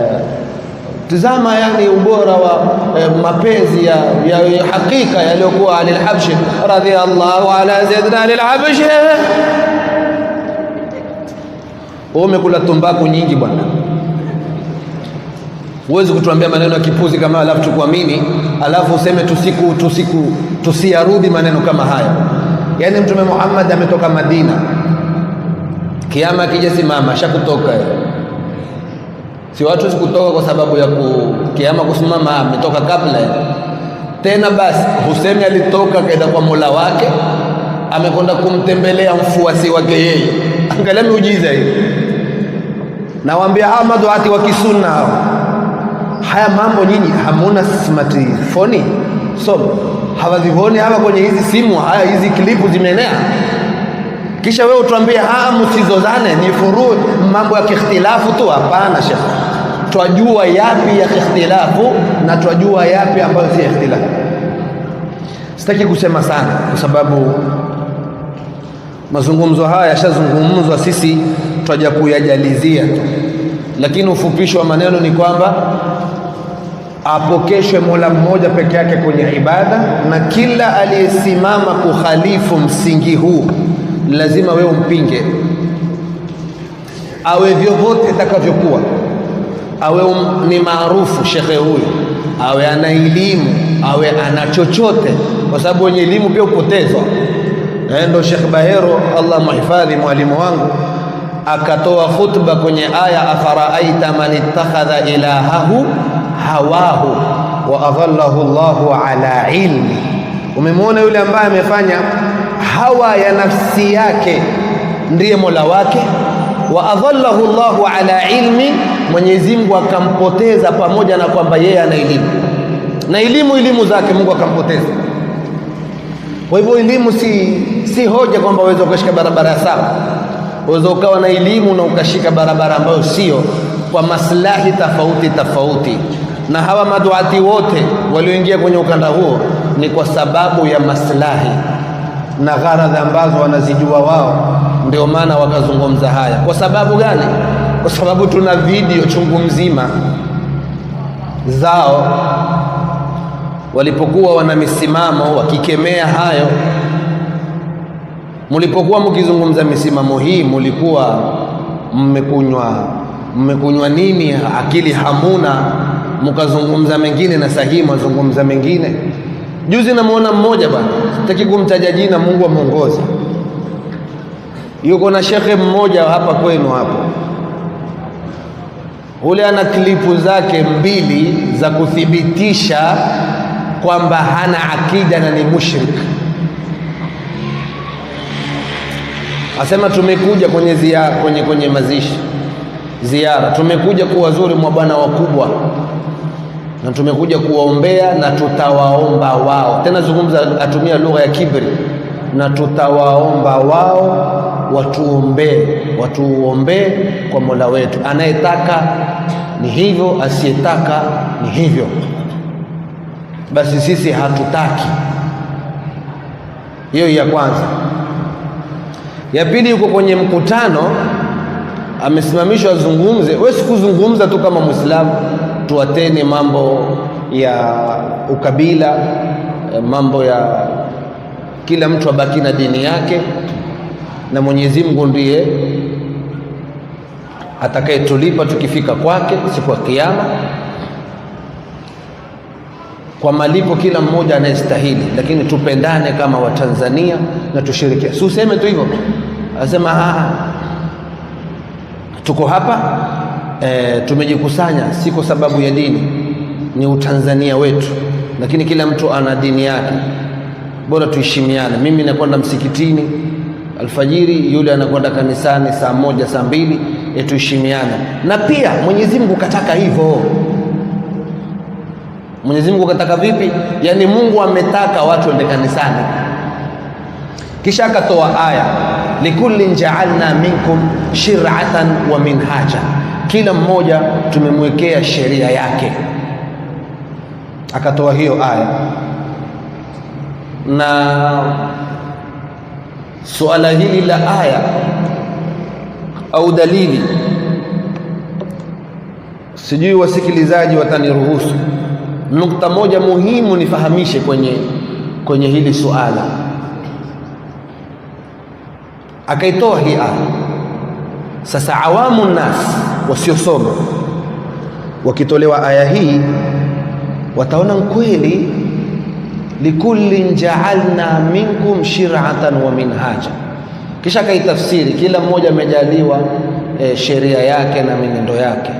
Eh, Tizama yani ubora wa eh, mapenzi ya, ya, hakika yaliyokuwa alilhabshi Al-Habshi radhiallahu ala Zaidna Al-Habshi. Umekula tumbaku nyingi bwana, huwezi kutuambia maneno ya kipuzi kama alafu tukuamini, alafu useme tusiku tusiku tusiyarudi maneno kama haya. Yani Mtume Muhammad ametoka Madina, kiama akijasimama shakutoka si watu sikutoka kwa sababu ya kiama kusimama, ametoka kabla tena. Basi Hussein alitoka kaenda kwa Mola wake, amekwenda kumtembelea mfuasi wake yeye. Angalia miujiza hii, nawaambia hawa maduati wa kisunna hao. Haya mambo nyinyi hamuna smartphone, so hawazivoni hawa kwenye hizi simu, haya hizi klipu zimeenea kisha wewe utuambie, haa, ah, msizozane, ni furu mambo ya kikhtilafu tu. Hapana shekhe twajua yapi ya ikhtilafu na twajua yapi ambayo si ikhtilafu. Sitaki kusema sana, kwa sababu mazungumzo haya yashazungumzwa, sisi twaja kuyajalizia tu, lakini ufupisho wa maneno ni kwamba apokeshwe Mola mmoja peke yake kwenye ibada, na kila aliyesimama kukhalifu msingi huu lazima wewe umpinge, awe vyovyote itakavyokuwa awe um, ni maarufu shekhe huyu, awe ana elimu, awe ana chochote, kwa sababu wenye elimu pia hupotezwa. Eh, ndo Shekh Bahero, Allah mhifadhi mwalimu wangu akatoa khutba kwenye aya afaraaita man ittakhadha ilahahu hawahu wa adhallahu Allahu ala ilmi, umemwona yule ambaye amefanya hawa ya nafsi yake ndiye mola wake, wa adhallahu Allahu ala ilmi Mwenyezi Mungu akampoteza, pamoja na kwamba yeye ana elimu na elimu elimu zake Mungu akampoteza. Kwa hivyo elimu si, si hoja kwamba waweza ukashika barabara ya sawa. uweza ukawa na elimu na ukashika barabara ambayo sio, kwa maslahi tofauti tofauti. Na hawa maduati wote walioingia kwenye ukanda huo ni kwa sababu ya maslahi na gharadha ambazo wanazijua wao, ndio maana wakazungumza haya. Kwa sababu gani? kwa sababu tuna video chungu mzima zao walipokuwa wana misimamo wakikemea hayo. Mulipokuwa mkizungumza misimamo hii, mulikuwa mmekunywa mmekunywa nini? Akili hamuna, mkazungumza mengine na sahihi mwazungumza mengine. Juzi namwona mmoja bwana, sitaki kumtaja jina, Mungu amwongoze, yuko na shekhe mmoja hapa kwenu hapo ule ana klipu zake mbili za kuthibitisha kwamba hana akida na ni mushrik. Asema tumekuja kwenye ziara, kwenye, kwenye mazishi ziara, tumekuja kuwazuri wazuri mwa bwana wakubwa na tumekuja kuwaombea na tutawaomba wao. Tena zungumza, atumia lugha ya kibri, na tutawaomba wao watuombee, watuombee kwa Mola wetu anayetaka ni hivyo, asiyetaka ni hivyo. Basi sisi hatutaki. Hiyo ya kwanza. Ya pili, yuko kwenye mkutano, amesimamishwa azungumze. Wewe sikuzungumza tu kama Muislamu, tuwatene mambo ya ukabila, eh, mambo ya kila mtu abaki na dini yake, na Mwenyezi Mungu ndiye atakayetulipa tukifika kwake siku ya Kiyama kwa malipo kila mmoja anayestahili. Lakini tupendane kama Watanzania na tushirikia si useme tu hivyo, asema ah, ah tuko hapa e, tumejikusanya si kwa sababu ya dini, ni utanzania wetu, lakini kila mtu ana dini yake, bora tuheshimiane. Mimi nakwenda msikitini alfajiri, yule anakwenda kanisani saa moja, saa mbili yatuheshimiana na pia Mwenyezi Mungu kataka hivyo. Mwenyezi Mungu kataka vipi? Yaani Mungu ametaka watu waende kanisani, kisha akatoa aya likullin ja'alna minkum shir'atan wa minhaja, kila mmoja tumemwekea sheria yake. Akatoa hiyo aya na suala hili la aya au dalili. Sijui wasikilizaji wataniruhusu, nukta moja muhimu nifahamishe kwenye, kwenye hili suala. Akaitoa hii aya sasa, awamu nnas wasiosoma wakitolewa aya hii wataona kweli, likullin jaalna minkum shir'atan wa minhaja kisha kaitafsiri, kila mmoja amejaliwa e, sheria yake na minendo yake.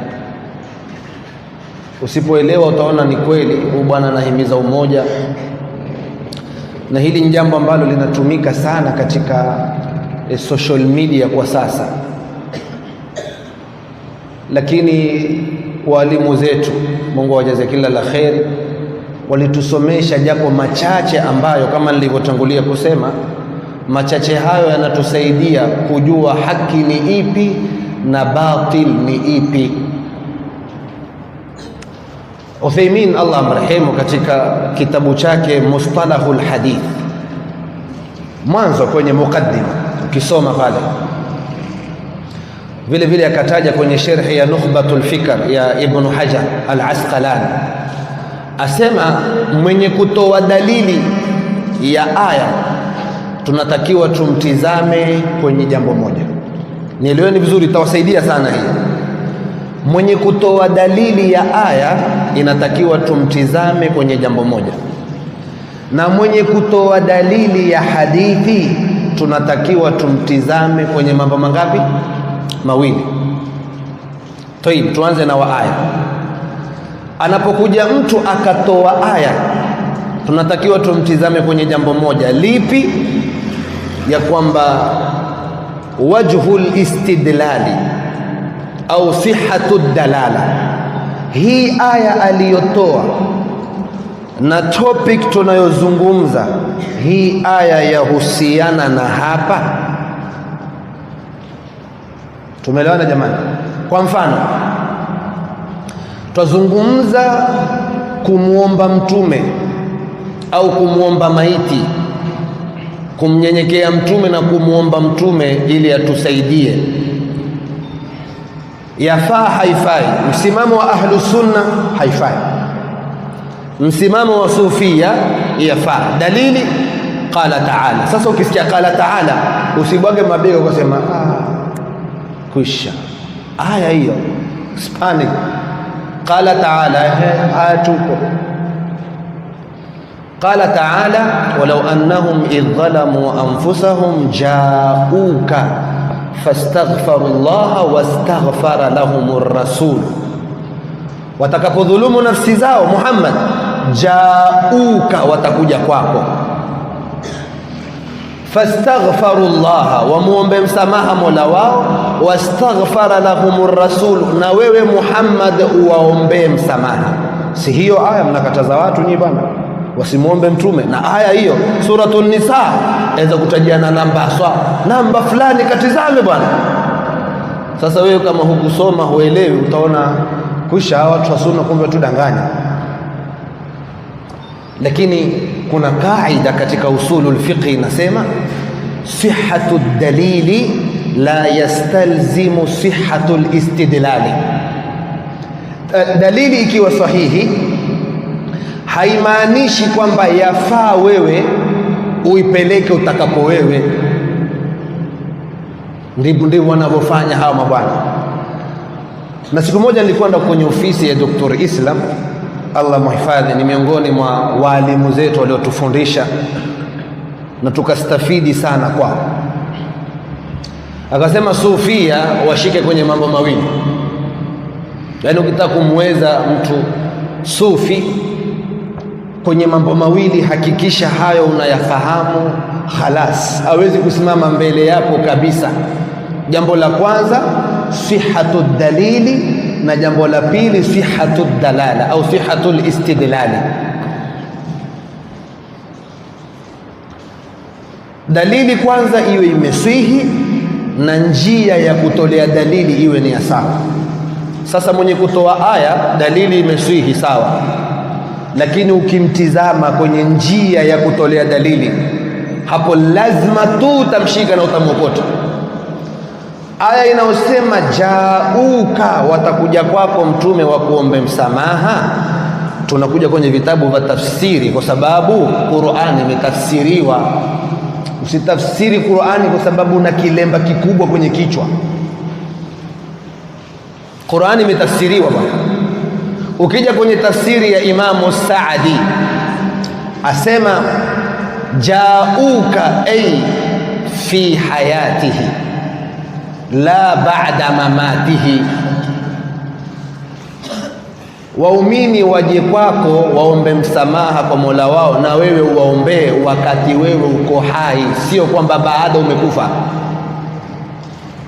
Usipoelewa utaona ni kweli, huyu bwana anahimiza umoja, na hili ni jambo ambalo linatumika sana katika e, social media kwa sasa, lakini walimu zetu, Mungu awajaze kila la kheri, walitusomesha japo machache ambayo kama nilivyotangulia kusema Machache hayo yanatusaidia kujua haki ni ipi na batil ni ipi. Uthaymin Allah amrehemu, katika kitabu chake Mustalahul Hadith, mwanzo kwenye mukaddima, ukisoma pale vile vile akataja kwenye sherhi ya Nukhbatul Fikr ya Ibn Hajar Al-Asqalani, asema mwenye kutoa dalili ya aya tunatakiwa tumtizame kwenye jambo moja. Nieleweni vizuri, itawasaidia sana hii. Mwenye kutoa dalili ya aya inatakiwa tumtizame kwenye jambo moja, na mwenye kutoa dalili ya hadithi tunatakiwa tumtizame kwenye mambo mangapi? Mawili. Tayib, tuanze na wa aya. Anapokuja mtu akatoa aya tunatakiwa tumtizame kwenye jambo moja lipi? ya kwamba wajhu listidlali au sihatu dalala, hii aya aliyotoa na topic tunayozungumza hii aya yahusiana na hapa. Tumeelewana jamani? Kwa mfano twazungumza kumwomba mtume au kumwomba maiti kumnyenyekea mtume na kumwomba mtume ili atusaidie, yafaa haifai? Msimamo wa ahlu sunna haifai, msimamo wa sufia yafaa. Dalili qala taala. Sasa ukisikia qala taala usibwage mabega ukasema ah, kwisha aya hiyo, spani qala taala, tupo Qala ta'ala walau annahum idh dhalamu anfusahum ja'uka fastaghfaru llaha wastaghfara lahum rasul, watakapodhulumu nafsi zao Muhammad, ja'uka, watakuja kwako. Fastaghfaru llaha, wamwombe msamaha mola wao. Wastaghfara lahum rasul, na wewe Muhammad uwaombee msamaha. Si hiyo aya mnakataza watu nyinyi bana wasimwombe Mtume. Na aya hiyo suratu Nisa aweza kutajia na namba swa namba fulani, katizame bwana. Sasa wewe kama hukusoma huelewi, utaona kwisha watu wa sunna, kumbe tudanganya. Lakini kuna kaida katika usulul fiqhi inasema, sihhatu dalili la yastalzimu sihhatu listidlali. Eh, dalili ikiwa sahihi haimaanishi kwamba yafaa wewe uipeleke utakapo wewe. Ndivyo ndivyo wanavyofanya hawa mabwana. Na siku moja nilikwenda kwenye ofisi ya Dr. Islam, Allah muhifadhi, ni miongoni mwa waalimu zetu waliotufundisha na tukastafidi sana kwao. Akasema sufia washike kwenye mambo mawili, yaani ukitaka kumweza mtu sufi kwenye mambo mawili hakikisha hayo unayafahamu khalas, hawezi kusimama mbele yako kabisa. Jambo la kwanza sihatu dalili, na jambo la pili sihatu dalala au sihatu listidlali. Dalili kwanza iwe imeswihi na njia ya kutolea dalili iwe ni ya sawa. Sasa mwenye kutoa aya dalili imeswihi sawa lakini ukimtizama kwenye njia ya kutolea dalili, hapo lazima tu utamshika na utamwokota. Aya inayosema jauka, watakuja kwako mtume wa kuombe msamaha, tunakuja kwenye vitabu vya tafsiri, kwa sababu Qur'ani imetafsiriwa. Usitafsiri Qur'ani kwa sababu una kilemba kikubwa kwenye kichwa. Qur'ani imetafsiriwa bwana Ukija kwenye tafsiri ya Imamu Saadi asema jauka ay fi hayatihi la ba'da mamatihi, waumini waje kwako waombe msamaha kwa Mola wao, na wewe uwaombee wakati wewe uko hai, sio kwamba baada umekufa.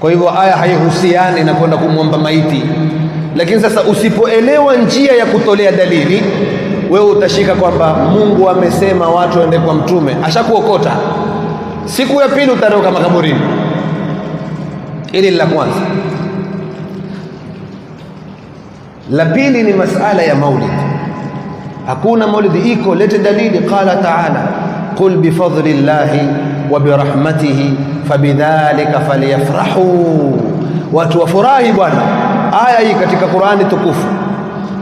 Kwa hivyo aya haihusiani na kwenda kumwomba maiti. Lakini sasa usipoelewa njia ya kutolea dalili, wewe utashika kwamba Mungu amesema watu waende kwa mtume, ashakuokota. Siku ya pili utaroka makaburini. Hili ni la kwanza. La pili ni masala ya maulid. Hakuna maulid iko, lete dalili. Qala taala qul bifadli llahi wa birahmatihi fabidhalika falyafrahu, watu wafurahi bwana aya hii katika Qur'ani tukufu.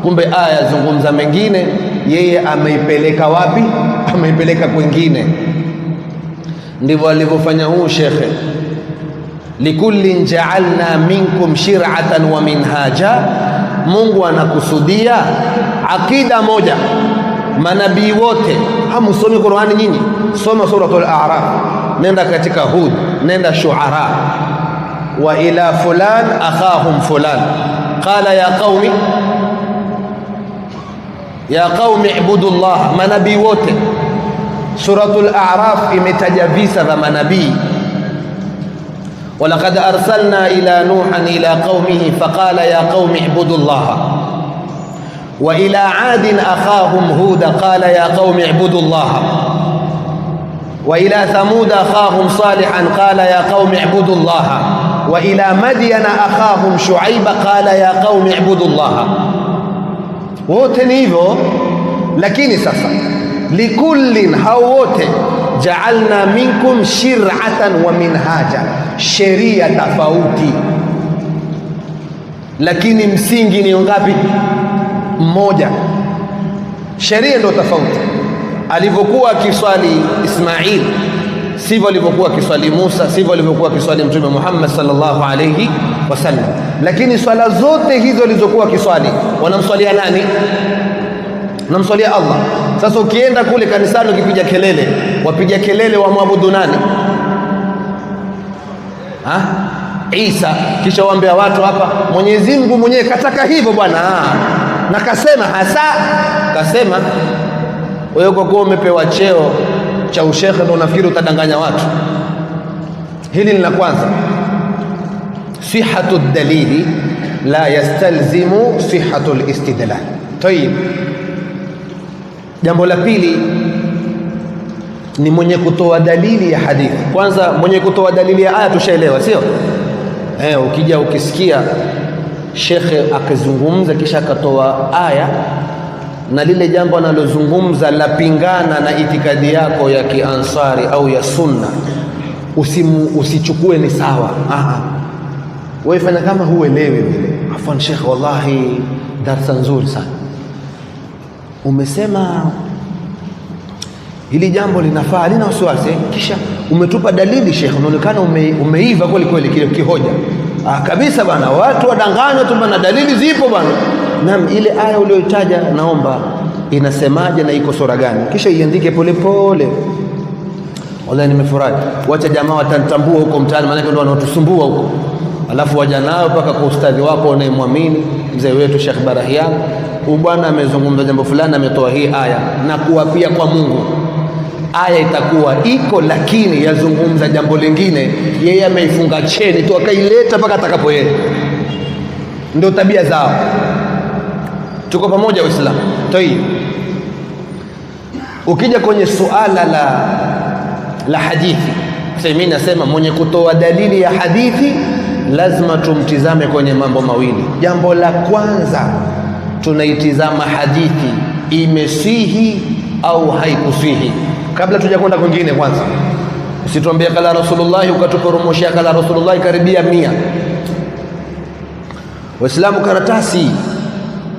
Kumbe aya yazungumza mengine, yeye ameipeleka wapi? Ameipeleka kwingine. Ndivyo alivyofanya huu shekhe, likullin ja'alna minkum shir'atan wa minhaja. Mungu anakusudia akida moja, manabii wote. Hamusomi Qur'ani nyinyi? Soma suratul A'raf, nenda katika Hud, nenda Shu'ara وإلى فلان أخاهم فلان قال يا قوم يا قوم اعبدوا الله ما نبي ووت سورة الأعراف إمتجابيس ذا ما نبي ولقد أرسلنا إلى نوحا إلى قومه فقال يا قوم اعبدوا الله وإلى عاد أخاهم هود قال يا قوم اعبدوا الله وإلى ثمود أخاهم صالحا قال يا قوم اعبدوا الله وإلى ثمود أخاهم صالحا قال يا قوم اعبدوا الله wa ila madyana akhahum shuaiba qala ya qaumi ibudu llaha, wote ni hivyo. Lakini sasa likullin, hao wote jaalna minkum shir'atan wa minhaja, sheria tofauti, lakini msingi ni ngapi? Mmoja. Sheria ndio tofauti. Alivyokuwa akiswali Ismail sivyo alivyokuwa akiswali Musa, sivyo alivyokuwa akiswali Mtume Muhammad sallallahu alayhi wasallam. Lakini swala zote hizo alizokuwa akiswali wanamswalia nani? Wanamswalia Allah. Sasa ukienda kule kanisani ukipiga kelele, wapiga kelele wamwabudu nani? Ha? Isa, kisha waambia watu hapa, Mwenyezi Mungu mwenyewe kataka hivyo bwana, na kasema hasa, kasema wewe, kwa kuwa umepewa cheo cha ushekhe ndio unafikiri utadanganya watu. Hili ni la kwanza. Sihatu dalili la yastalzimu sihatu listidlal. Tayib, jambo la pili ni mwenye kutoa dalili ya hadithi. Kwanza mwenye kutoa dalili ya aya tushaelewa, sio eh? Ukija ukisikia shekhe akizungumza kisha akatoa aya na lile jambo analozungumza lapingana na itikadi yako ya kiansari au ya sunna, usimu usichukue ni sawa. Aha, wewe fanya kama huelewi vile. Afwan Sheikh, wallahi darsa nzuri sana umesema, hili jambo linafaa, halina wasiwasi. Eh? Kisha umetupa dalili Sheikh, unaonekana ume, umeiva kweli kweli kile kihoja. Ah, kabisa bana, watu wadanganywa tu bwana, dalili zipo bwana naam, ile aya uliyoitaja naomba inasemaje na iko sura gani? Kisha iandike polepole. Wallahi nimefurahi, wacha jamaa watantambua huko mtaani, maanake ndio wanaotusumbua huko, alafu waja nao mpaka kwa ustadhi wako unayemwamini mzee wetu Sheikh Barahian, huyu bwana amezungumza jambo fulani, ametoa hii aya na kuapia kwa Mungu aya itakuwa iko lakini yazungumza jambo lingine, yeye ameifunga cheni tu akaileta mpaka atakapo yeye. Ndio tabia zao. Tuko pamoja Waislamu? Tayib, ukija kwenye suala la, la hadithi, Uthaimin nasema mwenye kutoa dalili ya hadithi lazima tumtizame kwenye mambo mawili. Jambo la kwanza tunaitizama hadithi imesihi au haikusihi, kabla tujakwenda kwingine. Kwanza usituambia kala Rasulullahi ukatuporomoshea kala Rasulullahi karibia mia. Waislamu karatasi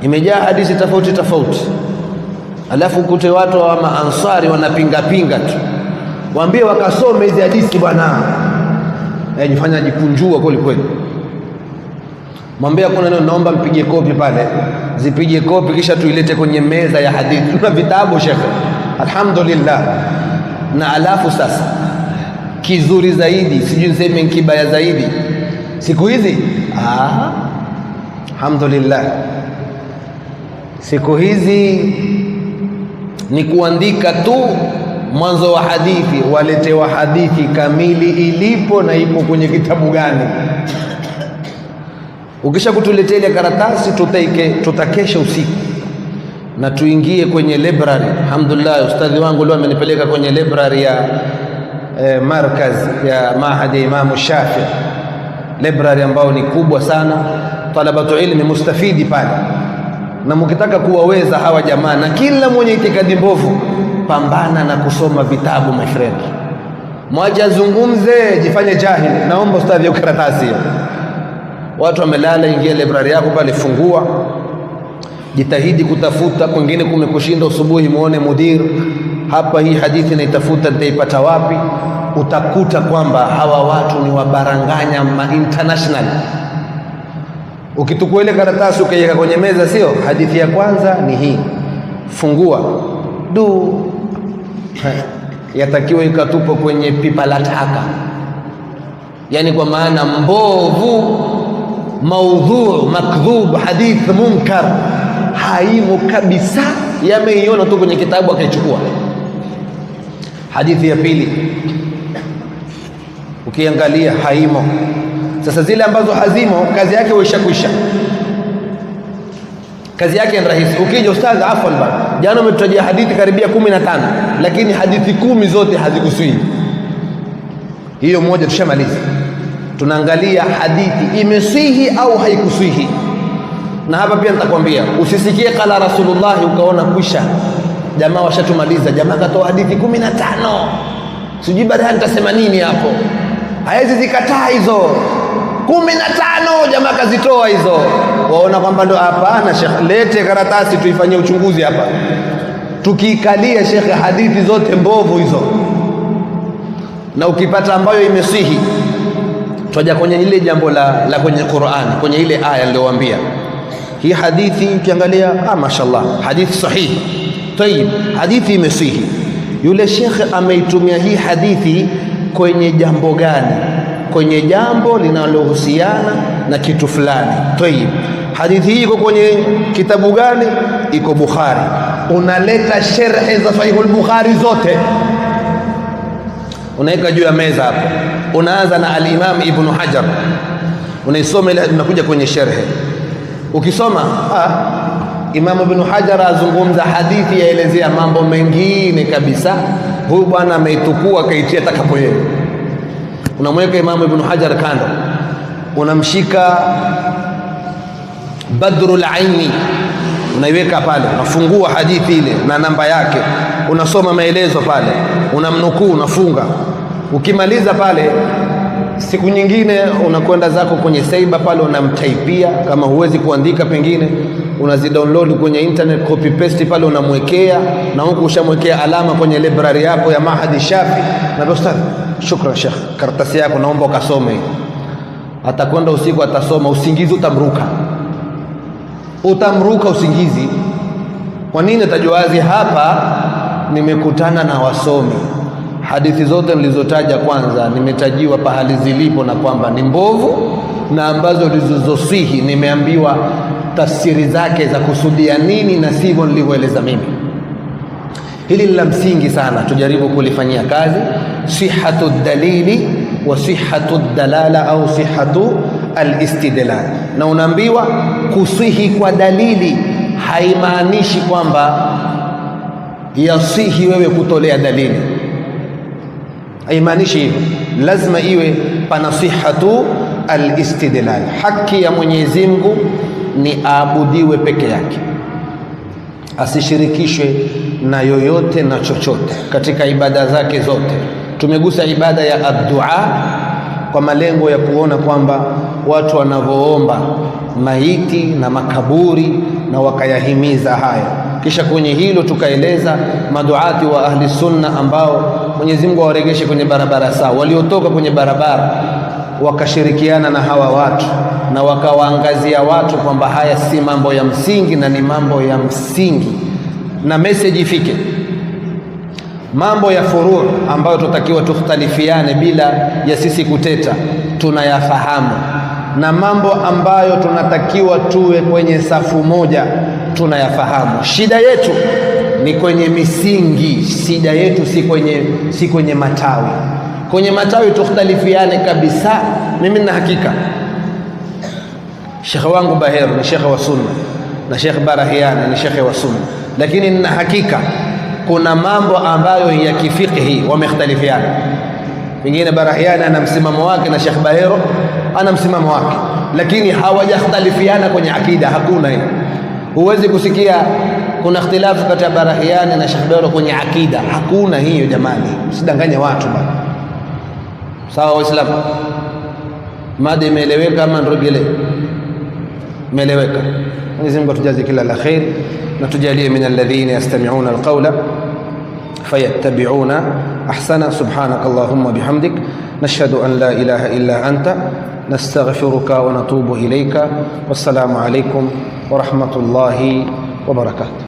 imejaa hadithi tofauti tofauti, alafu kute watu wa maansari wanapingapinga tu. Waambie wakasome hizi hadithi bwana, eh, nifanya jikunjua kweli kweli. Mwambie kuna neno, naomba mpige kopi pale, zipige kopi kisha tuilete kwenye meza ya hadithi. Tuna vitabu shekhe, alhamdulillah. Na alafu sasa kizuri zaidi, sijui niseme kibaya zaidi, siku hizi alhamdulillah Siku hizi ni kuandika tu mwanzo wa hadithi, waletewa hadithi kamili ilipo na ipo kwenye kitabu gani. Ukisha kutuletea ile karatasi, tutaike tutakesha usiku na tuingie kwenye library. Alhamdulillah, ustadhi wangu leo amenipeleka kwenye library ya eh, markaz ya mahadi ya Imamu Shafii, library ambayo ni kubwa sana, talabatu ilmi mustafidi pale na mkitaka kuwaweza hawa jamaa na kila mwenye itikadi mbovu, pambana na kusoma vitabu my friend. Mwacha zungumze, jifanye jahili. Naomba ustadhi karatasi watu wamelala, ingia library yako pale, fungua, jitahidi kutafuta. Kwingine kumekushinda usubuhi, muone mudir, hapa hii hadithi naitafuta, nitaipata wapi? Utakuta kwamba hawa watu ni wabaranganya ma international Ukitukua ile karatasi ukaiweka kwenye meza, sio hadithi ya kwanza ni hii, fungua du yatakiwa ikatupwa kwenye pipa la taka, yani kwa maana mbovu, maudhu, makdhub, hadith munkar, haimo kabisa, yameiona tu kwenye kitabu akaichukua. Hadithi ya pili ukiangalia haimo sasa zile ambazo hazimo kazi yake waishakwisha, kazi yake ni rahisi. Ukija ustadhi, afwan bana, jana umetutajia hadithi karibia kumi na tano, lakini hadithi kumi zote hazikuswi. Hiyo moja tushamaliza. Tunaangalia hadithi imeswihi au haikuswihi, na hapa pia nitakwambia usisikie kala Rasulullahi ukaona kwisha, jamaa washatumaliza, jamaa katoa hadithi kumi na tano, sijui baadaye nitasema nini hapo. Hawezi zikataa hizo kumi na tano jamaa kazitoa hizo, waona kwamba ndo hapana. Shekh, lete karatasi tuifanyie uchunguzi hapa. Tukiikalia shekhe, hadithi zote mbovu hizo, na ukipata ambayo imesihi twaja kwenye ile jambo la, la kwenye Qur'an, kwenye ile aya niliyowaambia hii hadithi ukiangalia, ah, mashallah hadithi sahihi tayib, hadithi imesihi. Yule shekhe ameitumia hii hadithi kwenye jambo gani? kwenye jambo linalohusiana na kitu fulani. Tayib, hadithi hii iko kwenye kitabu gani? Iko Bukhari. Unaleta sherhe za Sahihu al-Bukhari zote unaweka juu ya meza hapo, unaanza na al-Imam Ibn Hajar, unaisoma ile, unakuja kwenye sherhe. Ukisoma ah, Imam Ibn Hajar azungumza hadithi, yaelezea mambo mengine kabisa. Huyu bwana ameitukua akaitia takapo yeye unamweka Imamu Ibnu Hajar kando, unamshika Badrul Aini unaiweka pale, unafungua hadithi ile na namba yake, unasoma maelezo pale, unamnukuu, unafunga. Ukimaliza pale, siku nyingine unakwenda zako kwenye saiba pale, unamtaipia kama huwezi kuandika pengine unazidownload kwenye internet, copy paste pale unamwekea, na huku ushamwekea alama kwenye library yako ya Mahadi Shafi. Na ustadhi, shukran shekh karatasi yako naomba ukasome. Atakwenda usiku, atasoma, usingizi utamruka, utamruka usingizi. Kwa nini? Atajuazi hapa nimekutana na wasomi hadithi zote nilizotaja kwanza nimetajiwa pahali zilipo, na kwamba ni mbovu na ambazo nilizosihi nimeambiwa tafsiri zake za kusudia nini na sivyo nilivyoeleza mimi. Hili la msingi sana, tujaribu kulifanyia kazi. Sihatu dalili wa sihatu dalala au sihatu alistidlal. Na unaambiwa kusihi kwa dalili haimaanishi kwamba yasihi wewe kutolea dalili, haimaanishi hivyo. Lazima iwe pana sihatu alistidlal, haki ya Mwenyezi Mungu ni aabudiwe peke yake, asishirikishwe na yoyote na chochote katika ibada zake zote. Tumegusa ibada ya addua kwa malengo ya kuona kwamba watu wanavyoomba maiti na makaburi na wakayahimiza haya. Kisha kwenye hilo tukaeleza maduati wa ahli sunna ambao Mwenyezi Mungu awaregeshe kwenye barabara sawa, waliotoka kwenye barabara wakashirikiana na hawa watu na wakawaangazia watu kwamba haya si mambo ya msingi na ni mambo ya msingi, na meseji ifike. Mambo ya furuu ambayo tutakiwa tukhtalifiane bila ya sisi kuteta, tunayafahamu na mambo ambayo tunatakiwa tuwe kwenye safu moja tunayafahamu. Shida yetu ni kwenye misingi, shida yetu si kwenye, si kwenye matawi kwenye matawi tukhtalifiane kabisa. Mimi na hakika shekhe wangu Baheru ni shekhe wa sunna na shekhe Barahiani ni shekhe wa sunna, lakini nina hakika kuna mambo ambayo ya kifiqhi wamekhtalifiana. Pengine Barahiani ana msimamo wake na shekhe Baheru ana msimamo wake, lakini hawajakhtalifiana kwenye akida, hakuna hiyo. Huwezi kusikia kuna ikhtilafu kati ya Barahiani na shekhe Baheru kwenye akida, hakuna hiyo jamani, msidanganye watu bana. sawa Waislamu, mada imeeleweka ama ndugu ile imeeleweka? Mwenyezi Mungu atujaze kila la khair na tujalie min alladhina yastami'una alqawla fayattabi'una ahsana. Subhanak Allahumma bihamdik nashhadu an la ilaha illa anta نستغفرك ونتوب إليك والسلام عليكم ورحمة الله وبركاته